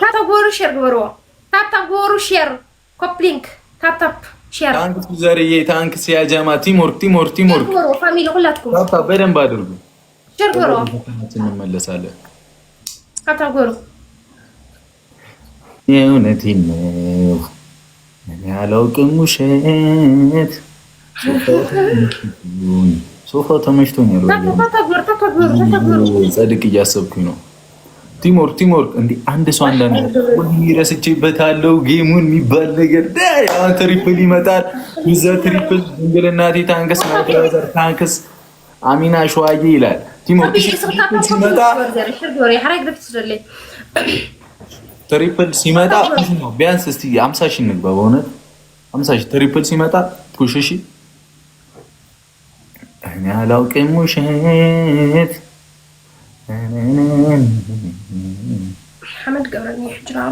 ታታ ጎሩ ሼር ጎሩ ታታ ጎሩ ሼር ኮፕሊንክ ታታ ሼር ታንክስ ዘርዬ ታንክስ ያ ጀማ ቲምወርክ ቲምወርክ ቲምወርክ ጎሩ ፋሚሊ ሁላችሁም ታታ በደንብ አድርጉ ሼር ጎሩ እንመለሳለን ታታ ጎሩ የእውነቴን ነው አላውቅም ውሸት ሶፋው ተመችቶኛል። ጸድቅ እያሰብኩኝ ነው ቲሞር ቲሞር እንዲ አንድ ሰው አንዳንድ ረስቼበታለሁ ጌሙን የሚባል ነገር ትሪፕል ይመጣል። እዛ ትሪፕል ድንግልናቴ ታንክስ ናዘር ታንከስ አሚና ሸዋዬ ይላል ቲሞር ትሪፕል ሲመጣ ነው ቢያንስ እስቲ አምሳ ሺ እንግባ። በእውነት አምሳ ሺ ትሪፕል ሲመጣ ኩሽሺ እኔ አላውቅም ውሸት ሐመድ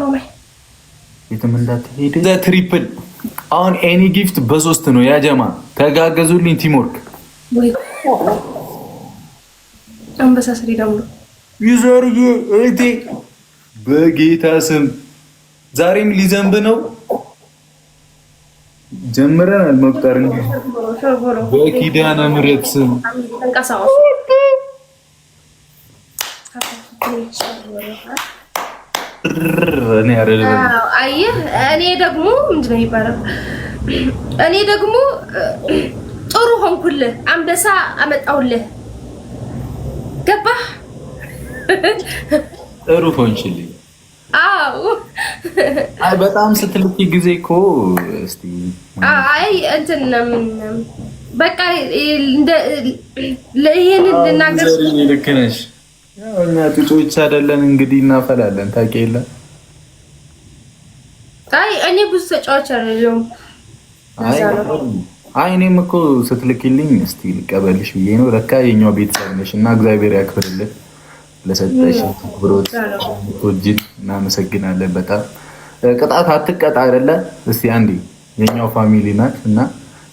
ሮሜ የትም እንዳትሄድ ትሪፕል አሁን ኤኒ ጊፍት በሶስት ነው። ያጀማ ተጋገዙልኝ። ቲሞርክ አንበሳ ስሪ ደግሞ በጌታ ስም ዛሬም ሊዘንብ ነው። ጀምረናል መቁጠር በኪዳነ ምሕረት ስም አየህ እኔ ደግሞ ነው የሚባለው? እኔ ደግሞ ጥሩ ሆንኩልህ፣ አንበሳ አመጣሁልህ። ገባህ? ጥሩ ሆንሽልኝ። አዎ። አይ በጣም ስትልኪ ጊዜ እኮ እስቲ አይ እንትን በቃ ልናገር ልክ ነሽ እኛ ጥጦች አይደለን እንግዲህ እናፈላለን። ታውቂ የለም አይ እኔ ብዙ ተጫዋች አይደለሁም። አይ እኔም እኮ ስትልክልኝ እስቲ ልቀበልሽ ብዬ ነው። ለካ የኛው ቤተሰብ ነሽ እና እግዚአብሔር ያክብርልን ለሰጠሽ ክብሮት ቶጅን እናመሰግናለን። በጣም ቅጣት አትቀጣ አይደለ? እስቲ አንዴ የኛው ፋሚሊ ናት እና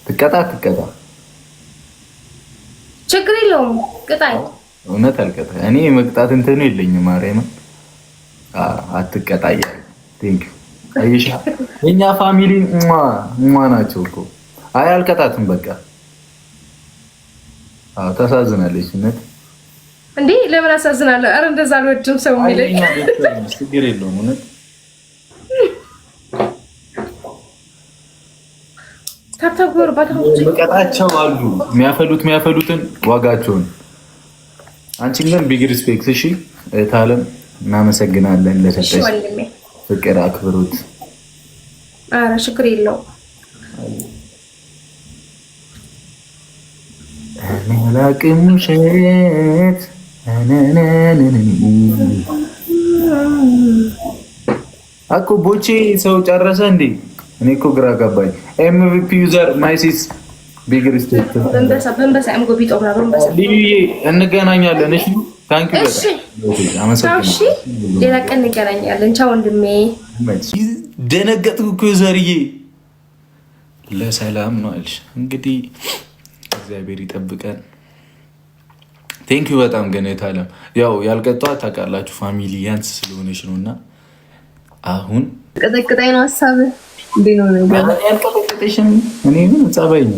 ትቀጣ አትቀጣ ችግር የለውም ቅጣይ እውነት አልቀጣ እኔ መቅጣት እንትኑ የለኝም። ማርያምን አትቀጣያ። ቲንክ አይሻ የኛ ፋሚሊ ማ ማ ናቸው እኮ አይ አልቀጣትም። በቃ ታሳዝናለች። እውነት እንዴ ለምን አሳዝናለሁ? አረ እንደዛ አልወድም ሰው የሚለኝ ችግር የለውም። እውነት ታተጎር መቀጣቸው አሉ የሚያፈሉት የሚያፈሉትን ዋጋቸውን አንቺንም ቢግ ሪስፔክት። እሺ ታለም እናመሰግናለን፣ ለሰጠሽ ፍቅር፣ አክብሮት። ኧረ ችግር የለው። መላቅም ውሸት አኮ ቦቼ ሰው ጨረሰ እንዴ? እኔ እኮ ግራ ገባኝ። ኤምቪፒ ዩዘር ማይሲስ ቢግር ስቴት እንገናኛለን። እሺ ታንክ ዩ። ሌላ ቀን እንገናኛለን። ቻው ወንድሜ። ደነገጥኩ እኮ ዘርዬ። ለሰላም ነው አልሽ። እንግዲህ እግዚአብሔር ይጠብቀን። ቴንክ ዩ በጣም ግን የታለም ያው ያልቀጠዋት ታውቃላችሁ፣ ፋሚሊ ያንስ ስለሆነች ነው እና አሁን ቀጠቅጣይ ነው ሀሳብ እንዴ ነው ያልቀጠቅጠሽም እኔ ምን ጸባይ ነው